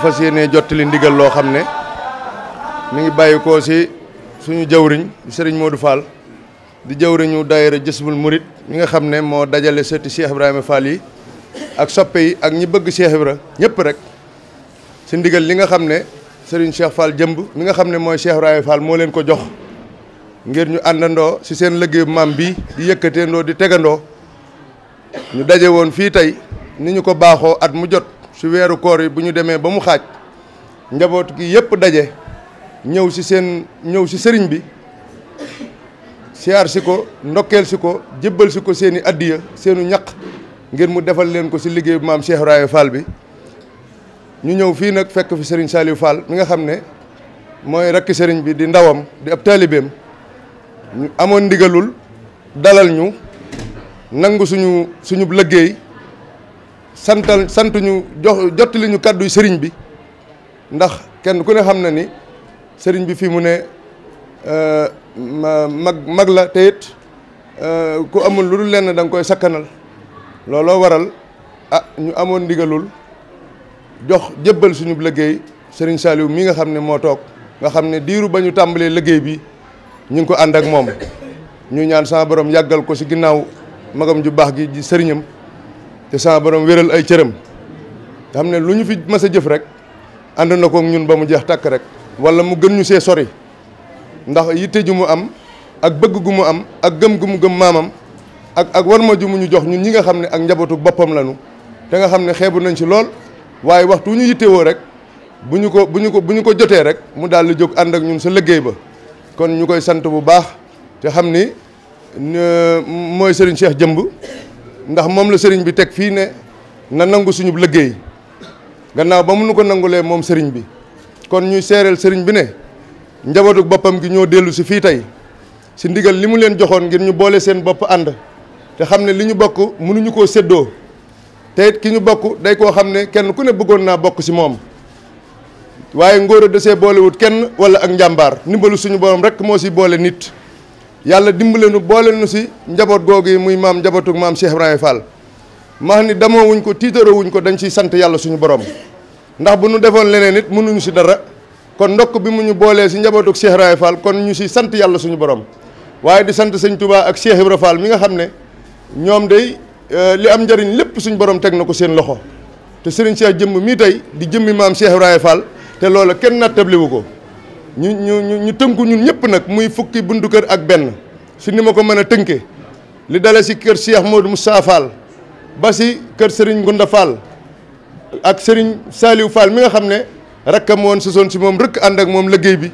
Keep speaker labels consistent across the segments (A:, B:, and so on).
A: fas yéene jottali ndigal loo xam ne mu ngi bàyyi ko si suñu jawriñ sëriñ Modou Fall di jawriñu daayira Jësbul Murit mi nga xam ne moo dajale sëti Cheikh Ibrahima Fall yi ak soppe yi ak ñi bëgg Cheikh Ibra ñëpp rek si ndigal li nga xam ne sëriñ Cheikh Fall jëmb mi nga xam ne mooy Cheikh Ibrahima Fall moo leen ko jox ngir ñu àndandoo si seen liggéey maam bi di yëkkateendoo di tegandoo ñu daje woon fii tey ni ñu ko baaxoo at mu jot su weeru koor yi bu ñu demee ba mu xaaj njaboot gi yëpp daje ñëw si seen ñëw si sëriñ bi siyaar si ko ndokkeel si ko jébbal si ko seeni i seenu ñaq ngir mu defal leen ko si liggéey bu maam Cheikh Raye bi ñu ñëw fii nag fekk fi sëriñ Saliou Fall mi nga xam ne mooy rakki sëriñ bi di ndawam di ab taalibeem amoon ndigalul dalal ñu nangu suñu suñu liggéey santal santu ñu jox jottali ñu kaddu sëriñ bi ndax kenn ku ne xam na ni sëriñ bi fi mu ne eh, mag mag la eh, ku amul lu dul lenn dang koy sakkanal lolo waral ah ñu amon ndigalul jox jébbal suñu liggey sëriñ saliw mi nga xam ne moo nga xam ne diiru bañu tambalé liggey bi ñu ko and ak mom ñu ñaan sa borom yagal ko si ginnaw magam ju bax gi ji te sa borom wéral ay cëram te luñu ne fi mësa jëf rek and na ko ñun ba mu jeex tak rek wala mu gën ñu sé sori ndax yité ju mu am ak bëgg gu mu am ak gëm gu mu gëm mamam ak ak warma ju mu ñu jox ñun ñi nga xamné ne ak njabootu bopam lañu te nga xamné ne nañ ci lool waye waxtu ñu wo rek buñu ko buñu ko buñu ko joté rek mu dal li and ak ñun sa liggéey ba kon ñukoy sant bu baax té xamni moy Serigne Cheikh ndax moom la serigne bi tek fi ne na nangu suñu liggey gannaaw ba mu nu ko nangulee moom serigne bi kon ñuy sérel serigne bi ne njabotuk bopam gi ñoo delu ci fi tay ci ndigal limu leen joxoon ngir ñu boole seen bop and te xam ne li ñu bokk mënuñu te it ki ñu bokk day ko xam kenn ku ne bëggon na bokk si waye ngoro de a desee wut kenn wala ak njambar nimbalu suñu borom rek mo si boole nit yalla dimbalé nu bolé nu si njabot gogui mu muy mam njabotuk mam Cheikh ibrahim Fall max ni damoo wuñ ko titéro wuñ ko dañ ci sante yalla suñu borom ndax bu nu defoon leneen mënu ñu si dara kon ndokk bi mu ñu bolé si njabotuk Cheikh ibrahim Fall kon ñu si sante yalla suñu borom waaye di sante seigne Touba ak Cheikh ibrahim Fall mi nga xamné ñom day eh, li am jariñ lepp suñu borom tek nako seen loxo te serigne Cheikh jëm mi tay di jëmmi mam Cheikh ibrahim Fall te loolu kenn nattabli wu ko ñu ñu ñu tënku ñun muy fukki buntu kër ak ben si ni mako ko teunké li dalé ci kër Cheikh Modou Moussa Fall ba ci kër Serigne Gunda Fall ak Serigne Saliou Fall mi nga xamné moom rëkk ak mom liggéey bi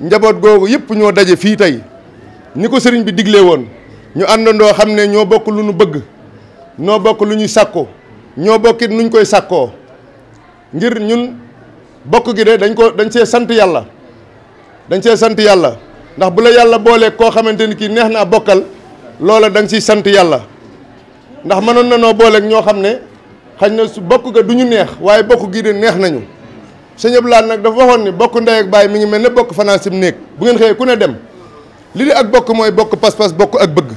A: njabot googu yépp ño daje fi tay ni ko Serigne bi diglé won ñu andando xamné ño bokk lu ñu bëgg no bokk lu ñuy ño bokk nit ñu koy sakko ngir ñun bokk gi dé dañ ko dañ ci sant yalla dañ santiala, sant yalla ndax bu la yalla bolé ko xamanteni ki neexna bokal naa dañ ci da nga ndax manon na ño xamné su bokk ga duñu neex waaye bokk gi de neex nañu seigne Abdoulaye nak dafa waxoon ni bokk nday ak bay mi ngi mel bokk fanaan bu ngeen xey ku ne dem li ak bokk moy bokk pas-pas bokk ak bëgg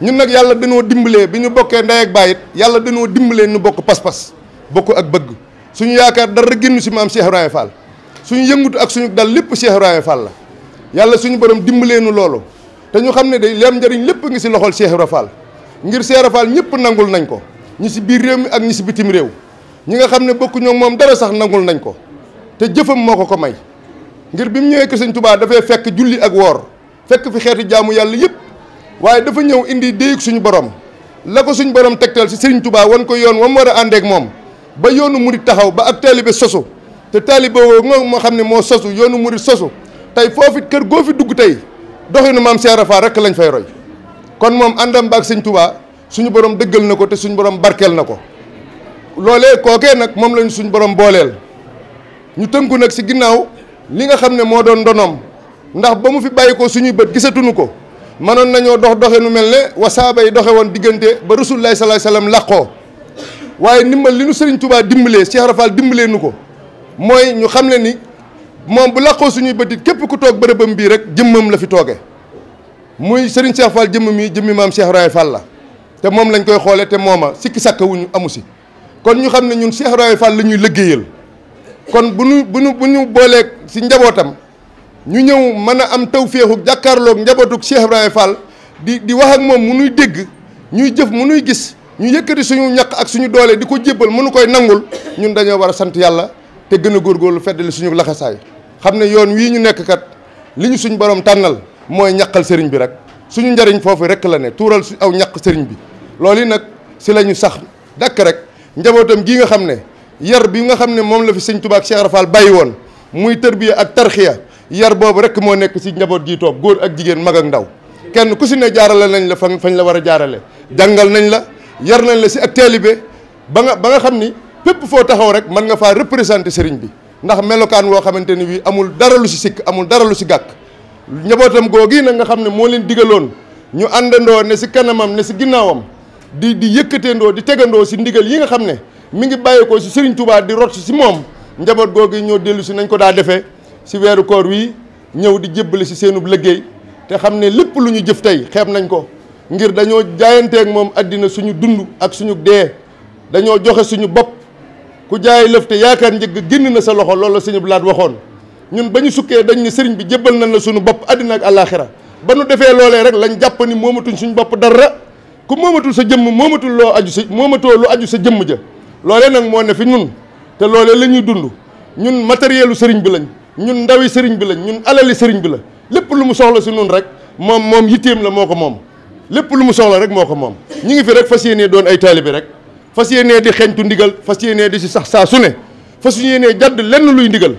A: ñun nak yalla dañu dimbalé biñu bokké nday ak bayit yalla dañu dimbalé ñu nu bokk pas-pas bokk ak bëgg suñu yaakar dara gennu si maam Cheikh Fall suñu yëngutu ak suñu dal lépp Cheikh Ibrahima Fall la yàlla suñu borom dimbaleenu loolu te ñu xam ne day leem njëriñ lépp ngi si loxol Cheikh Ibrahima Fall ngir Cheikh Ibrahima Fall ñëpp nangul nañ ko ñi si biir réew mi ak ñi si bitim réew ñi nga xam ne bokkuñoo moom dara sax nangul nañ ko te jëfam moo ko ko may ngir bi mu ñëwee ko sëñ Tuubaa dafay fekk julli ak woor fekk fi xeeti jaamu yàlla yëpp waaye dafa ñëw indi déyug suñu borom la ko suñu borom tegtal si sëriñ Tuubaa wan ko yoon wam war a àndeek moom ba yoonu murit taxaw ba ak taalibe sosu te taaliba woo nga ma xam ne moo sosu yoonu murit sosu tey foofu kër goo fi dugg tey doxinu maam Cheikh Rafa rek lañ fay roy kon moom àndam baag sëñ Touba suñu borom dëggal na ko te suñu borom barkeel na ko loolee kookee nag moom lañ suñu borom booleel ñu tënku nag si ginnaaw li nga xam ne moo doon ndonoom ndax ba mu fi bàyyi ko suñuy bët gisatuñu ko mënoon nañoo dox doxe nu mel ne wasaaba yi doxe woon diggante ba Rasulullah sallallahu alayhi wasallam làqoo waaye li nu sëriñ dimbalee Cheikh dimbalee nu ko. mooy ñu xam ne ni moom bu làqoo suñuy bët it képp ku toog bërëbam bii rek jëmmam la fi tooge muy Serigne Cheikh Fall jëmm mi jëmmi maam Cheikh Raye la te moom lañ koy xoolee te mooma sikki sàkk wuñu amu si kon ñu xam ne ñun Cheikh Raye Fall la ñuy liggéeyal kon bu ñu bu ñu booleek si njabootam ñu ñëw mën a am tawféexu jàkkaarloog njabootug Cheikh Ibrahima Fall di di wax ak moom mu nuy dégg ñuy jëf mu nuy gis ñu yëkkati suñu ñaq ak suñu doolee di ko jébbal mënu koy nangul ñun dañoo war a sant yàlla te gën a góorgóorlu feddali suñu laxasaay xam ne yoon wii ñu nekk kat li ñu suñ boroom tànnal mooy ñaqal sëriñ bi rek suñu njariñ foofu rek la ne tuural su aw ñaq sëriñ bi loolu yi nag si la ñu sax dakk rek njabootam gii nga xam ne yar bi nga xam ne moom la fi sëñ Tuubaa ak bàyyi woon muy tërbiya ak tarxiya yar boobu rek moo nekk si njaboot gii toog góor ak jigéen mag ak ndaw kenn ku si ne jaarale nañ la fañ la war a jaarale jàngal nañ la yar nañ la si ak taalibe ba xam ni pépp foo taxaw rek mën nga faa représenter sëriñ bi ndax melokaan woo xamante ni bii amul dara lu si sikk amul dara lu si gàkk njabootam googi nag nga xam ne moo leen digaloon ñu àndandoo ne si kanamam ne si ginnaawam di di yëkkateendoo di tegandoo si ndigal yi nga xam ne mi ngi bàyyeekoo si sëriñ tubaab di rot si moom njaboot googi ñoo dellu si nañ ko daa defee si weeru koor wii ñëw di jébbale si seenub liggéey te xam ne lépp lu ñu jëf tey xeeb nañ ko ngir dañoo jaayanteeg moom àddina suñu dund ak suñu dee dañoo joxe suñu bopp ku jaay lëf te yaakaar njëg génn na sa loxo loolu la sëñ Blaat waxoon ñun ba ñu sukkee dañ ni sëriñ bi jébbal nañ la suñu bopp àddina ak àllaaxira ba nu defee loolee rek lañ jàpp ni moomatuñ suñu bopp dara ku moomatul sa jëmm moomatul loo aju si moomatoo lu aju sa jëmm ja loolee nag moo ne fi ñun te loolee la ñuy dund ñun matérielu sëriñ bi lañ ñun ndawi sëriñ bi lañ ñun alali sëriñ bi la lépp lu mu soxla si ñun rek moom moom yitteem la moo ko moom lépp lu mu soxla rek moo ko moom ñi ngi fi rek fas yéenee doon ay taalibe rek fas yéenee di xeeñtu ndigal fas yéenee di si sax saa su ne fas ñu yéenee jadd lenn luy ndigal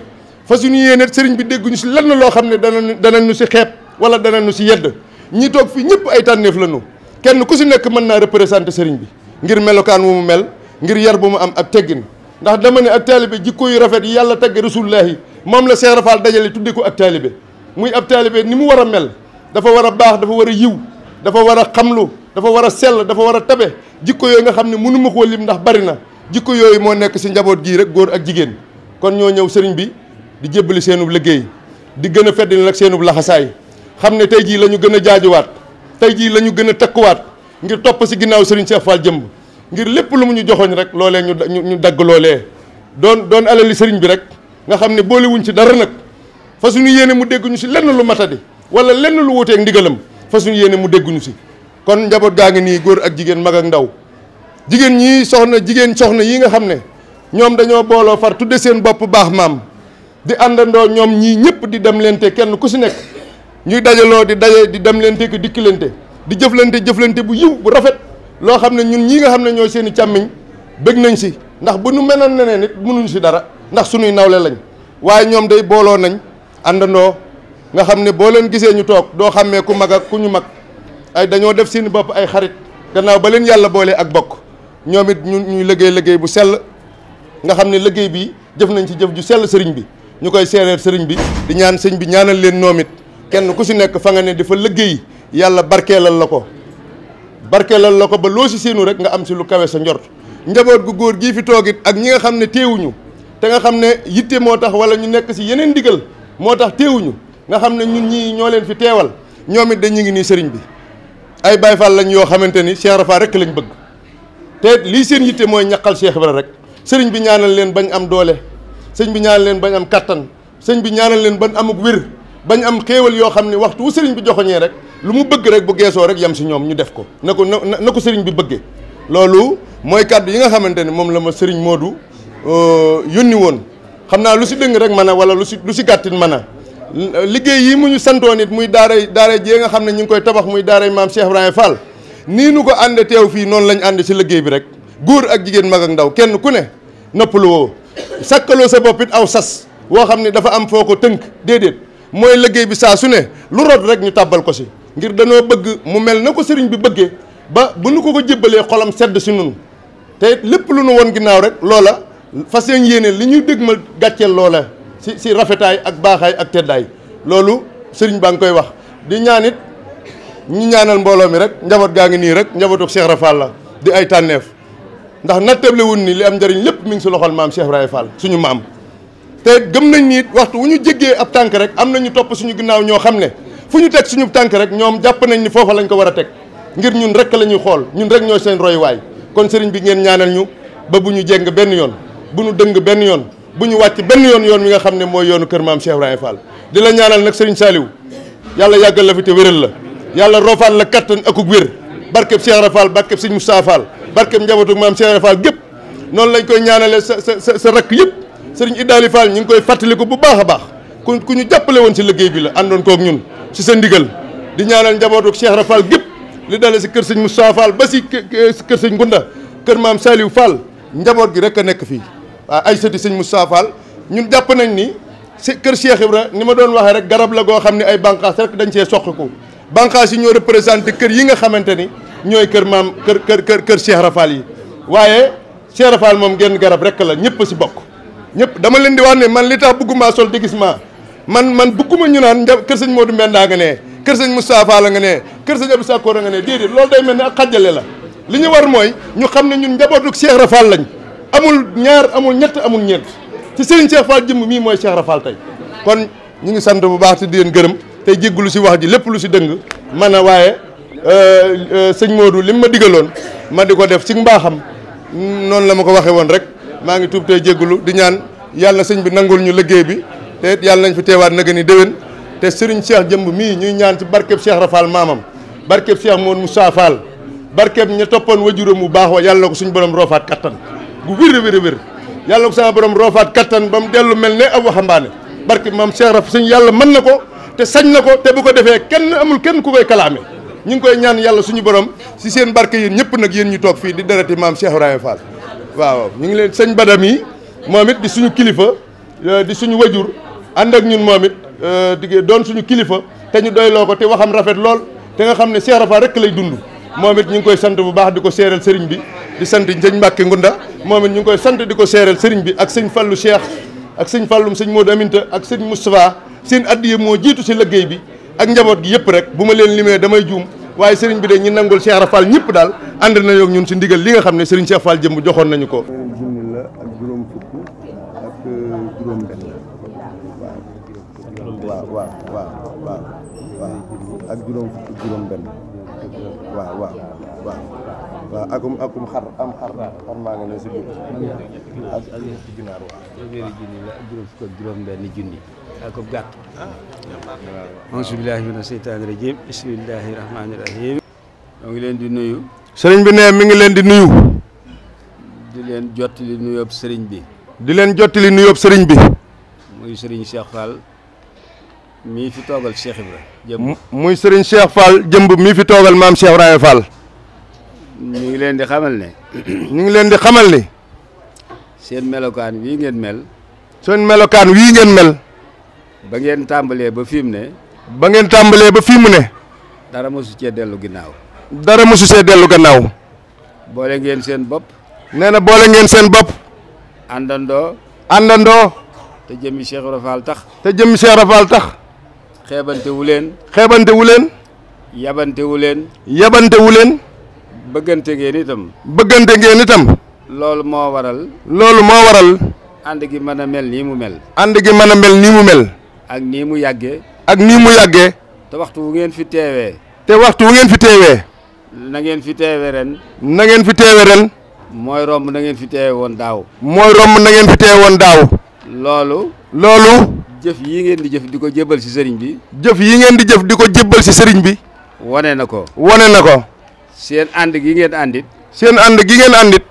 A: fas ñu yéenee sëriñ bi dégguñu si lenn loo xam ne danañu danañu si xeeb wala danañu si yedd ñi toog fii ñëpp ay tànneef lañu kenn ku si nekk mën naa représenté sëriñ bi ngir melokaan wu mu mel ngir yar bu mu am ak teggin ndax dama ne ak taalibe jikko yu rafet yi yàlla tagge rasulullahi moom la Cheikh Rafal dajale tudde ko ak taalibe muy ab taalibe ni mu war a mel dafa war a baax dafa war a yiw dafa war a xamlu dafa wara sel, dafa wara tabe jikko yoy nga xam ne mako lim ndax bari na jikko yoy mo nek ci njabot gi rek gor ak jigen kon ño ñew serigne bi di jébbali seenub liggéey di gëna a feddali nag seenub laxasaay xam ji lanu jii la ñu gën ji jaajuwaat tey jii la ngir top ci ginnaw serigne Cheikh Fall jëm ngir lepp lu mu ñu joxoñ rek lolé ñu ñu dag lolé don don alali serigne bi rek nga xam ne wuñ ci dara nak fa suñu yéene mu ñu ci lenn lu matadi wala lenn lu ak ndigalam fa suñu yéene mu ñu ci kon njaboot gaa ngi nii góor ak jigéen mag ak ndaw jigéen ñi soxna jigéen soxna yi nga xam ne ñoom dañoo booloo far tudde seen bopp baax maam di àndandoo ñoom ñii ñëpp di dem lente kenn ku si nekk ñuy dajaloo di daje di dem lente ko dikk lente di jëflante jëflante bu yiw bu rafet loo xam ne ñun ñii nga xam ne ñoo seen càmmiñ bëgg nañ si ndax bu nu menoon neneen nit mënuñ si dara ndax suñuy nawle lañ waaye ñoom day booloo nañ àndandoo nga xam ne boo leen gisee ñu toog doo xàmmee ku mag ak ku ñu mag ay dañu def seen bop ay xarit gannaaw ba leen yalla boole ak bok ñomit ñu ñuy liggey bu sell nga xamni liggey bi jëf nañ ci jëf ju sel serigne bi ñukoy koy serigne bi di ñaan serigne bi ñaanal leen nomit kenn ku ci nekk fa nga ne dafa liggey yalla barkelal lako barkelal lako ba lo ci seenu rek nga am ci lu kawé sa njort njabot gu goor gi fi togit ak ñi nga xam ne teewuñu te nga xamne ne yitte wala ñu nekk ci yeneen ndigal motax teewuñu nga xamne ñun ñi ñoo leen fi teewal ñoom dañ ñi ngi ni serigne bi ay Baye Fall lañ yoo xamante ni Cheikh Rafa rek lañ bëgg te lii seen yitte mooy ñaqal Cheikh Ibra rek sëriñ bi ñaanal leen bañ am doole sëñ bi ñaanal leen bañ am kàttan sëñ bi ñaanal leen bañ amuk wér bañ am xéewal yoo xam ne waxtu wu sëriñ bi joxoñee rek lu mu bëgg rek bu geesoo rek yem si ñoom ñu def ko na ko na na ko sëriñ bi bëggee loolu mooy kàddu yi nga xamante ni moom la ma sëriñ Modou euh, yónni woon xam naa lu si dëng rek mën a wala lu si lu si gàttin mën liggéey yi mu ñu santoon it muy daaray daara jee nga xam ne ñu ngi koy tabax muy daaray maam Cheikh Ibrahima Fall nii ñu ko ànd teew fii noonu lañ ànd ci liggéey bi rek góor ak jigéen mag ak ndaw kenn ku ne noppalu woo sakkaloo sa bopp it aw sas woo xam ne dafa am foo ko tënk déedéet mooy liggéey bi saa su ne lu rot rek ñu tàbbal ko si ngir danoo bëgg mu mel na ko sëriñ bi bëggee ba bu ñu ko ko jébbalee xolam sedd si nun te lépp lu nu woon ginnaaw rek loola fas yéene li ñuy dëgmal gàcceel loola si si rafetaay ak baaxaay ak teddaay loolu sëriñ baa ngi koy wax di ñaanit it ñu ñaanal mbooloo mi rek njaboot gaa ngi nii rek njabootu Cheikh Ibra la di ay tànneef ndax natteble wun ni li am njëriñ lépp mu ngi si loxol maam Cheikh Ibrahima Fall suñu maam te gëm nañ ni waxtu wu ñu jéggee ab tànk rek am nañu topp suñu ginnaaw ñoo xam ne fu ñu teg suñu tànk rek ñoom jàpp nañ ni foofa lañ ko war a teg ngir ñun rek la ñuy xool ñun rek ñooy seen royuwaay kon sëriñ bi ngeen ñaanal ñu ba bu ñu benn yoon bu ñu dëng benn yoon bu ñu wàcc benn yoon yoon mi nga xam ne mooy yoonu kër maam Cheikh Ibrahima di la ñaanal nag Serigne Saliou yàlla yàggal la fi te wéral la yàlla roofaan la kattan akuk wér barkeb Cheikh Ibrahima Fall barkeb Serigne Moustapha Fall barkeb njabootu maam Cheikh Ibrahima Fall noonu lañ koy ñaanale sa sa sa rakk yëpp Serigne Idali Fall ñu ngi koy fàttaliku bu baax a baax ku ku ñu jàppale woon si liggéey bi la àndoon kook ñun si sa di ñaanal njabootu Cheikh Ibrahima gépp li dalee si kër Serigne Moustapha Fall ba si kër Serigne Gunda kër maam Saliou Fall njaboot gi rek a nekk fii waaw ay sëti sëñ Moustapha ñun jàpp nañ ni si kër Cheikh Ibra ni ma doon waxee rek garab la goo xam ne ay bànqaas rek dañ cee ko bànqaas yi ñoo représenté kër yi nga xamante ni ñooy kër maam kër kër kër kër Cheikh Rafal yi waaye Cheikh Rafal moom genn garab rek la ñëpp si bokk ñëpp dama leen di wax ne man li tax bëgguma sol déguisement man man bëgguma ñu naan nja kër sëñ Modou Mbenda nga nee kër sëñ Moustapha la nga ne kër sëñ Abdou Sakkoor nga ne déedéet loolu day mel ne ak la li ñu war mooy ñu xam ne ñun njabootu Cheikh Rafal lañ amul ñaar amul ñett amul ñett ci Serigne Cheikh Fall jëmm mi moy Cheikh rafal tay kon ñu ngi sant bu baax ci di len gërëm tay jéggulu ci wax ji lepp lu ci dëng man a euh, euh serigne Modou lim ma digaloon ma diko def ci mbaxam non la ma waxé won rek ma ngi tup tay jéggulu di ñaan yalla serigne bi nangul ñu liggéey bi té yalla nañ fi téwaat na gën ni déwén te Serigne Cheikh jëmb mi ñuy ñaan ci barkeb Cheikh rafal mamam maamam Cheikh Modou Moussa Fall barkeb ña topone wajuram bu baax wa yalla ko suñu borom rofaat katan bu wir wir wir yalla ko sama borom rofat katan bam delu melne abu hambane barki mam Cheikh Raf seigne yalla man nako te sañ nako te bu ko Ken kenn amul kenn ku koy kalamé ñing koy ñaan yalla suñu borom ci seen barke yeen ñepp nak yeen ñu tok fi di dérati mam Cheikh Ibrahima Fall waaw ñing leen seigne badami momit di suñu kilifa euh, di suñu wajur and ak ñun momit euh doon suñu kilifa te ñu doy loko te waxam rafet lol te nga xamne Cheikh Rafa rek lay dundu momit ñing koy sante bu baax diko séral bi di sante mbacke Ngunda moom ñu ngi koy sant di ko seeral sëriñ bi ak sëñ Fallou Cheikh ak sëñ Falloum sëñ Modou Aminta ak sëñ Moustapha seen addiya moo jiitu ci liggéey bi ak njaboot gi yëpp rek bu ma leen limee damay juum waaye sëriñ bi de ñu nangul Cheikh Rafal ñëpp daal ànd na yoog ñun si ndigal li nga xam ne sëriñ Cheikh Fall jëmb joxoon nañu ko. junni la ak akum akum xar am xar
B: xar ma nga ne si ak ak ñetti ginaar waaw téeméeri junni la juróom fukk ak juróom benn junni akub gàtt auzu billahi rajim rahim ngi di nuyu
A: sëriñ bi ne mi ngi di nuyu
B: di leen jottali nuyoob sëriñ bi
A: di leen jottali nuyoob sëriñ bi
B: muy sëriñ Cheikh Fall fi togal Cheikh Ibra jëmb
A: muy Cheikh Fall fi togal mam Cheikh Ibrahima Fall
B: ñu ngi leen di xamal ne. ñu ngi leen di xamal ni. seen melokaan wii ngeen mel. seen melokaan wii ngeen mel. ba ngeen tàmbalee ba fi mu ne.
A: ba ngeen tàmbalee ba fi mu ne.
B: dara mosu cee dellu ginnaaw. dara mësu cee dellu gannaaw. boole ngeen seen bopp. nee na boole ngeen seen bopp. àndandoo. àndandoo. te jëmm Cheikh Rafaal tax. te jëmm Cheikh Rafaal tax. xeebante leen. xeebante leen. yebantewu leen. yabante leen. bëggante ngeen itam.
A: bëggante ngeen itam.
B: loolu moo waral. loolu moo waral. ànd gi mën mel nii mu mel. ànd gi mën mel nii mu mel. ak nii mu yàggee.
A: ak nii mu yàggee.
B: te waxtu wu ngeen fi teewee.
A: te waxtu wu ngeen fi teewee.
B: na ngeen fi teewee ren. na ngeen fi teewee ren. mooy romb na ngeen fi teewee woon daaw. mooy romb na ngeen fi teewee woon daaw. loolu. loolu. jëf yi ngeen di jëf di ko jébbal ci sëriñ bi.
A: jëf yi ngeen di jëf di ko jébbal ci sëriñ bi.
B: wane na ko. wane seen ànd gi ngeen àndit seen ànd gi ngeen àndit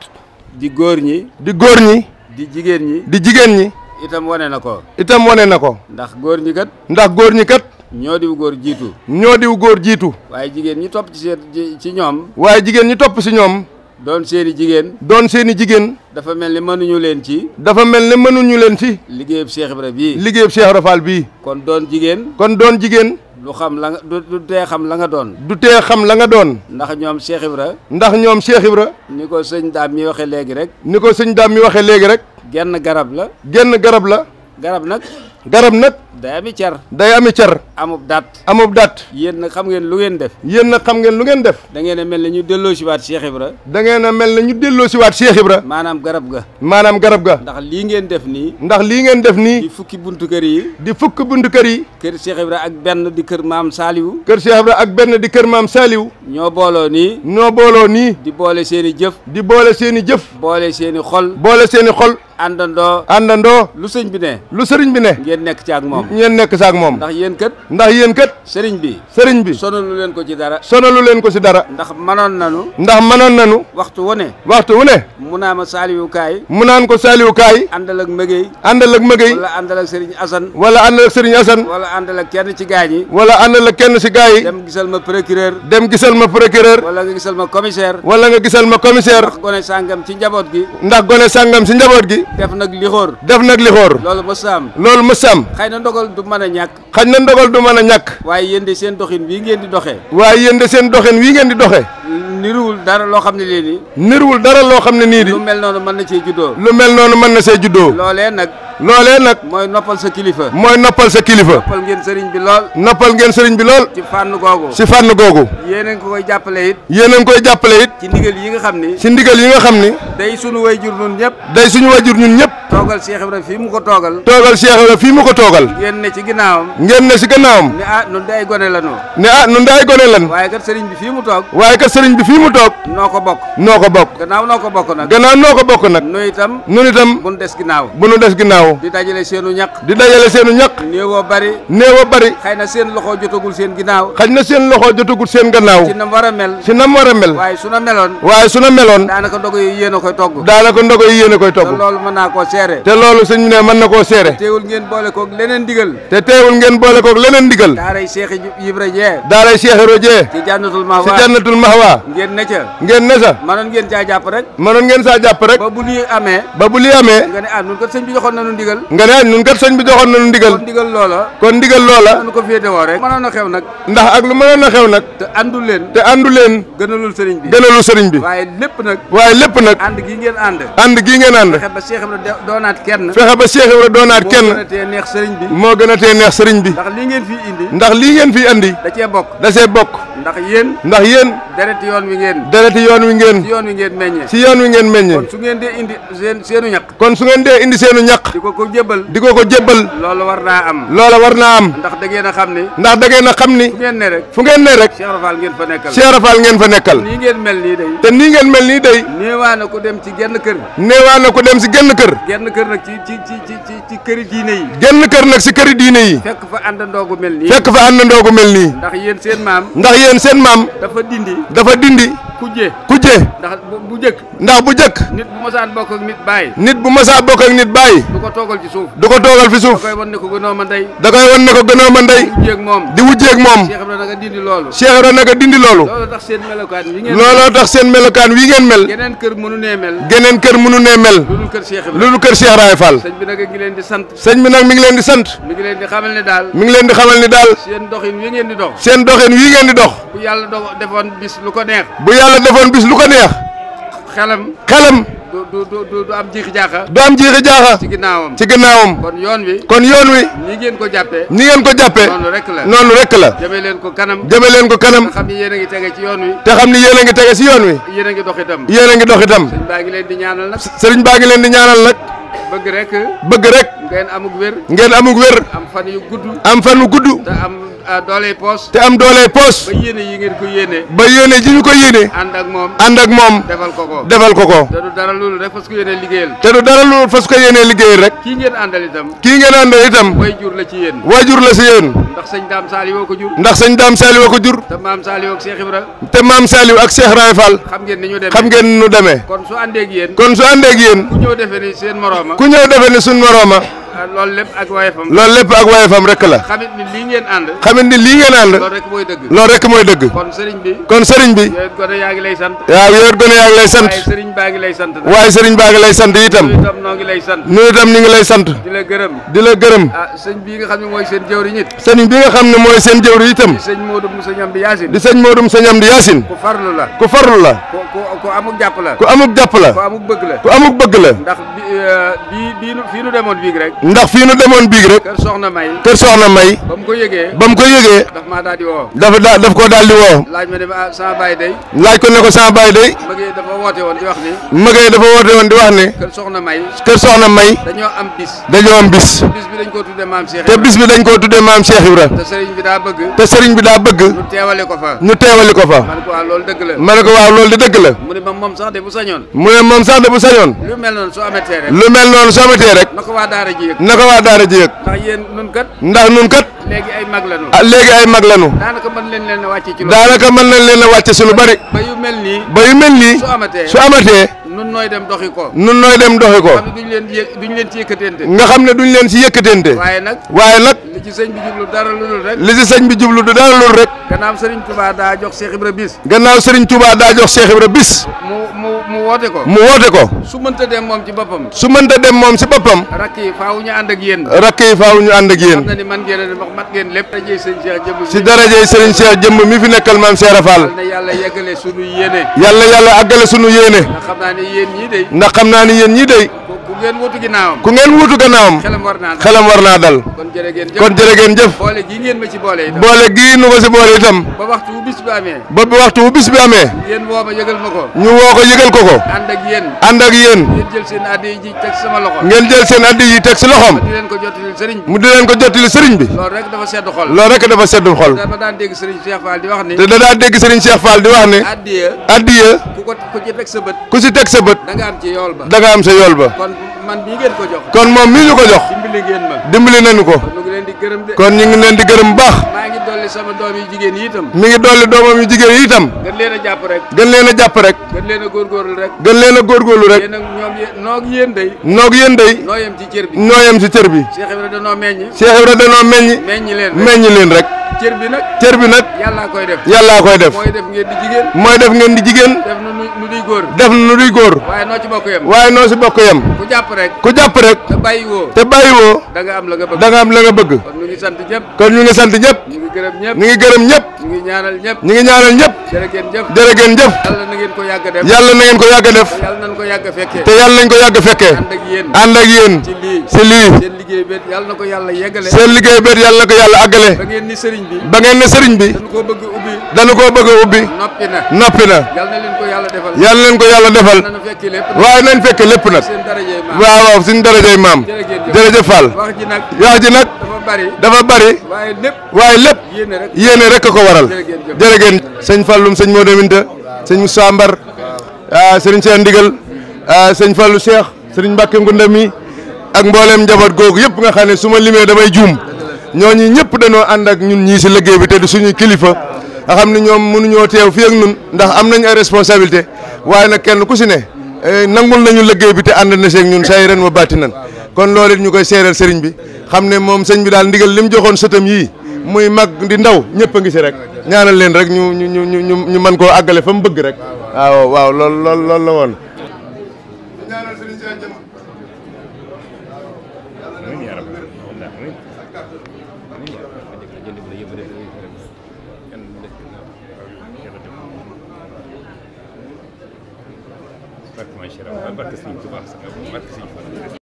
B: di góor ñi di góor ñi di jigéen ñi di jigéen ñi itam wane na ko itam wane na ko ndax góor ñi kat ndax góor ñi kat ñoo diw góor jiitu ñoo diw góor jiitu waaye jigéen ñi topp ci seen ci ñoom waaye jigéen ñi topp si ñoom doon seeni jigéen. doon seeni jigéen. dafa mel ni mënuñu leen ci. dafa mel ni mënuñu leen ci. liggéeyub Cheikh Ibra bii. liggéeyub Cheikh Ibra Fall bii. kon doon jigéen. kon doon jigéen. lu xam la nga du xam la nga doon.
A: du tee xam la nga doon.
B: ndax ñoom Cheikh Ibra. ndax ñoom Cheikh Ibra. ni ko sëñ daam mi waxee léegi rek. ni ko sëñ daam mi waxee léegi rek. genn garab la. genn garab la. garab nag. garab nak day ami cer day ami cer amub dat amub dat yéen nag xam ngeen lu ngeen def yéen nag xam ngeen lu ngeen def da ngeen a mel ñu delo ci wat Cheikh Ibra da ngeen mel ñu delo ci wat Cheikh Ibra manam garab ga manam garab ga ndax li ngeen def ni ndax li ngeen def ni di fukki buntu keur yi di fukk buntu keur yi keur Cheikh Ibra ak benn di keur mam saliw keur Cheikh Ibra ak benn di keur mam saliw ño bolo ni ño bolo ni di bolé seeni jëf di bolé seeni jëf bolé seeni xol bolé seeni xol àndandoo àndandoo lu sëñ bi ne lu sëriñ bi ne ngeen nekk ci ak moom ngeen nekk ci ak moom ndax yéen kat ndax yéen kat sëriñ bi sëriñ bi sonalu leen ko ci dara sonalu leen ko ci dara ndax mënoon nanu ndax mënoon nanu waxtu wu ne waxtu wu ne mu naa ma saaliwu kaay mu naan ko saaliwu kaay àndal ak mëgéy àndal ak mëgéy wala àndal ak sëriñ asan wala àndal ak sëriñ asan wala àndal ak kenn ci gaa yi wala àndal ak kenn ci gaa yi dem gisal ma procureur dem gisal ma procureur wala nga gisal ma commissaire wala nga gisal ma commissaire ndax sàngam ci njaboot gi ndax gone sàngam ci njaboot gi def nag li xóor def nag li xóor loolu ma a am loolu mës a am xëy na ndogal du man a ñàkk xañ na ndogal du mën a ñàkk waaye yéen de seen doxin wii ngeen di doxee waaye yéen seen doxin wii ngeen di doxee niruwul dara loo xam ne lii nii niruwul dara loo xam ne nii di lu mel noonu mën na see juddoo lu mel noonu mën na see juddoo loolee nag loolee nag. mooy noppal sa kilifa. mooy noppal sa kilifa. noppal ngeen sëriñ bi lool. noppal ngeen sëriñ bi lool. ci fànn googu. ci fànn googu. yéen koy jàppale it. yéen koy jàppale it. ci ndigal yi nga xam ni. ci ndigal yi nga xam ni. day suñu wayjur ñun ñëpp.
A: day suñu wayjur ñun ñëpp.
B: toogal Cheikh rek fii mu ko toogal. toogal Cheikh Ibrahima fii mu ko toogal. ngeen ne ci ginnaawam. ngeen ne ci ginnaawam. ne ah nun de ay gone lanu. ne ah nun de ay gone lan. waaye kat bi fii mu toog. waaye kat sëriñ bi fii mu toog. noo ko bokk. noo ko bokk. gannaaw noo ko bokk nag. gannaaw noo ko bokk nag. nu itam. nu itam. des ginnaaw. bu nu des ginnaaw di dajale seenu ñaq di dajale seenu ñaq néewoo bari néewoo bari xëy na seen loxo jotagul seen ginnaaw
A: xëy na seen loxo jotagul seen gannaaw si nam war a mel si nam a mel
B: waaye su na meloon waaye su na meloon daanaka ndogo yi yéen a koy togg daanaka ndogo yi yéen a koy togg te loolu mën naa koo seere te loolu sëñ ne mën na koo seere teewul ngeen boole koog leneen ndigal te teewul ngeen boole koog leneen ndigal daaray Cheikh Jee daaray jannatul mahwa ci ngeen ne ca ngeen ne sa mënoon ngeen caa jàpp rek mënoon ngeen saa jàpp rek ba bu lii amee ba bu ah, nun ko sëñ bi joxoon nañu nañu ndigal nga ne ñun kat sëñ bi joxoon nañu ndigal kon ndigal loola kon ndigal loola dañu ko féete woo rek mënoon a xew nag ndax ak lu mënoon a xew nag te andu leen te andu gënalul sëriñ bi waaye lépp nag waaye gii ngeen ànd fexe ba Cheikh Ibra doonaat kenn fexe ba moo gën a neex sëriñ bi a ndax lii ngeen fii indi ndax lii ngeen fii indi da cee bokk da cee bokk ndax yéen ndax yéen dereti yoon wi ngeen dereti yoon wi yoon wi ngeen meññee kon
A: su ngeen dee indi seenu ñaq ko ko jébbal. di ko ko jébbal.
B: loola war naa am. loola war naa am. ndax da ngeen a xam ni.
A: ndax da ngeen a xam ni. fu ngeen ne rek. fu ngeen ne rek.
B: Cheikh Rafal ngeen fa nekkal. Cheikh Rafal ngeen fa nekkal. ngeen mel nii day. te nii ngeen mel nii day. neewaa na ko dem ci genn kër.
A: neewaa na ko dem si genn kër.
B: genn kër nag ci ci ci ci ci ci këri diine yi. genn kër nag si këri diina yi. fekk fa àndandoo gu mel nii. fekk fa àndandoo gu mel nii. ndax yéen seen maam. ndax yéen seen maam. dafa dindi. dafa dindi. kujje kujje. ndax bu jëkk. ndax bu jëkk. nit bu masaa bokk ak nit bàyyi. nit bu masaa bokk ak nit toogal ci suuf du ko toogal fi suuf da koy wan ne ko gënoo ma ndey da koy wan ne ko gënoo ma ndey di wujjeeg moom Cheikh Ibra naka dindi loolu Cheikh Ibra naka dindi loolu looloo tax seen melokaan wi ngeen mel geneen kër mënu nee mel lu dul kër Cheikh Ibra Fall sëñ bi nag mi ngi leen di sant sëñ bi mi ngi leen di sant mi leen di xamal ni daal mi ngi leen di xamal ni daal seen doxin wi ngeen di dox seen doxin wi ngeen di dox bu yàlla defoon bis lu ko neex bu yàlla defoon bis lu ko neex du du du am jiixi jaaxa. du am jiixi jaaxa. ci ginnaawam ci ginnaawam. kon yoon wi. kon yoon wi. ni ngeen ko jàppee. ni ngeen ko jàppee. noonu rek la noonu rek la. jëmee leen ko kanam. jëmee leen ko kanam. te xam ni yéen a ngi tege ci yoon wi. te a ngi tege ci yoon a ngi dox itam. a ngi dox itam. sëriñ baa ngi leen baa ngi leen di ñaanal nag. bëgg rek bëgg rek ngeen amug wér ngeen amug wér am fan yu gudd am fan yu gudd te am ah, dooley poos te am dooley poos ba yéene yi ngeen ko yéene ba yéene ji ñu ko yéene ànd ak moom ànd ak moom defal ko ko defal ko ko te du dara loolu rek fas ko yéene liggéeyal te du dara loolu fas ko yéene liggéeyal rek kii ngeen àndal itam kii ngeen àndal itam waajur la ci yéen waajur la si yéen ndax sëñ daam saali woo ko jur ndax sëñ daam saali woo jur te maam saali ak Cheikh Ibra te maam saali ak Cheikh Ibrahima xam ngeen ni ñu demee xam ngeen ni ñu kon su àndee ak yéen kon su àndee ak yéen ku ñëw defee ni seen morooma ku ñëw defe ne suñ morooma Ah, loolu lépp ak wayefam loolu lépp ak wayefam rek la. xamit ni lii ngeen ànd. xamit ni lii ngeen ànd. loolu rek mooy dëgg. loolu rek mooy dëgg. kon sëriñ bi. kon sëriñ bi. yow it ngi lay sant. waaw yow it gone yaa ngi lay sant. waaye sëriñ baa ngi lay sant. waaye sëriñ baa ngi sant itam. ñun ngi lay sant. ñun itam ñu ngi lay sant. di la gërëm. di la gërëm. ah sëñ bi nga xam ne mooy seen jëwri nit. sëriñ bi nga xam ne mooy seen jëwri itam. di sëñ Moodoum sëñ Amdi Yaasin. di sëñ Moodoum sëñ Amdi Yaasin. ku farlu la. ku farlu la. ku ku ku amuk jàpp la. ku amuk jàpp la. ku amuk bëgg la. ku amuk bëgg la. ndax bi eh, bii bii fii nu demoon biig rek ndax fii nu demoon biig rek. kër Soxna May. kër Soxna May. ba mu ko yëgee. ba mu ko yëgee. dafa daa di woo. laaj ma ne ma ah, sama baay ko ne sama baay day. mëgee dafa woote woon di wax ni. kër Soxna May. dañoo am bis. bi dañ koo tuddee maam Cheikh Ibra. te bis bi dañ koo tuddee maam Cheikh Ibra. te te sëriñ bi daa bëgg. ñu teewale ko fa. ñu teewale ko fa. ma ne ko waaw loolu la. ma ne ko waaw loolu di dëgg la. mu ne moom sax de bu sañoon. lu mel noonu soo amatee rek. yëg naka waa daara ji yëg ndax nun kat léegi ay mag lañu ah léegi ay mag lañu daanaka mën nañ leen a wàcce ci leen a wàcce ci lu bari ba yu mel nii ba yu mel nii su amatee su amatee nun nooy dem doxi ko nun nooy dem doxi ko duñ leen duñ leen ci yëkkateente nga xam ne duñ leen ci yëkkateente waaye nag li ci sëñ bi jublu dara lu dul rek. li ci sëñ bi
A: jublu du dara lu dul rek.
B: gannaaw Serigne Touba daa jox Cheikh Ibra gannaaw Serigne Touba daa jox Cheikh Ibra mu mu woote ko. mu woote ko. su mënta dem moom ci boppam. su mënta dem moom ci boppam. rakk yi faaw ñu ànd ak yéen. rakk yi faaw ñu ànd ak yéen. xam na ni man ngeen wax mat ngeen lépp. ci darajey Serigne Cheikh jëmm mi fi nekkal maam Cheikh Fall. yàlla yàggale sunu yéene. yàlla yàlla àggale sunu yéene. ndax xam naa ni yéen ñii day ngeen wutu ginnaawam ku ngeen wutu ginnaawam xelam war naa dal kon jërë ngeen jëf boole gii ngeen ma ci boole itam boole gii nu ko si boole itam ba bi waxtu bu bi amee ma yëgal ma ko ñu woo ko yëgal ko ko ànd ak yéen ànd ak yéen ngeen jël seen addi yi teg sama loxo ngeen jël seen addi yi teg si loxoom mu di leen ko jottali sëriñ mu di leen ko bi loolu rek dafa sedd xol loolu rek dafa sedd xol te da daan dégg sëriñ Cheikh Fall di wax ne te da ku si teg sa bët da nga am ci da am sa yool ba man mii ngeen ko jox. kon moom mii ñu ko jox. dimbali ngeen ma dimbali nañu ko. kon ñu ngi leen di gërëm de. kon ñu ngi leen di gërëm baax. maa ngi dolli sama doom yu jigéen yi itam. mi ngi doomam yu jigéen yi itam. gën leen a jàpp rek. gën leen a jàpp rek. gën leen a góorgóorlu rek. gën leen a góorgóorlu rek. yéen ak ñoom yéen noog yéen day. noog yéen day. noo yem ci cër bi noo yem ci cër bi. Cheikh Ibra danoo meññ. Cheikh Ibra danoo meññ. leen rek leen rek. cër bi nag cër bi nag yàllaa koy def yàllaa koy def mooy def ngeen di jigéen mooy def ngeen di jigéen def na nu duy góor def na nu duy góor waaye noo ci bokk yem waaye noo si bokk yem ku jàpp rek ku jàpp rek te bàyyi woo te bàyyi woo da nga am la nga bëgg da nga am la nga bëgg kon ñu ngi sant ñëpp kon ñu ngi sant ñëpp ñu ngi gërëm ñëpp ñu ñëpp ñu ngi ñaanal ñëpp ñu ngi ñaanal ñëpp. jërëgeen jëf jërëgeen jëf. yàlla na ngeen ko yàgg a def yàlla na ngeen ko yàgg a def. te yàlla nañ ko a fekkee. te yàlla nañ ko yàgg a fekkee. ànd ak yéen ànd ak yéen. ci lii ci seen liggéey bet yàlla na ko yàlla yeggale. ba ngeen ni sëriñ bi. ba ngeen ne ubbi. a noppi na yàlla na leen ko yàlla defal. waaye nañ fekk lépp nag. waaw waaw suñu darajay maam. jërëjëf Fall. wax ji nag
A: dafa bari. waaye lépp. yéene rek a ko waral jërë ngeen sëñ Falloum sëñ Modou Minta sëñ Moussa Mbar ah, sëriñ Cheikh Ndigal ah, sëñ Fallou Cheikh sëriñ Mbacke Ngunda mi ak mbooleem njaboot googu yëpp nga xam ne su ma limee damay juum ñooñu ñëpp dañoo ànd ak ñun ñii si liggéey bi te du suñuy kilifa nga xam ne ñoom mënuñoo teew fii ak ñun ndax am nañ ay responsabilité waaye nag kenn ku si ne eh, nangul nañu liggéey bi te ànd na seeg ñun say ren ma bàtti nan kon loolu ñu koy seeral sëriñ bi xam ne moom sëñ bi daal ndigal li joxoon sëtam yii muy mag di ndaw ñepp ngi ci rek ñaanal leen rek ñu ñu ñu ñu man ko agalé fam bëgg rek waaw waaw lool lool lool la woon
B: barke sëriñ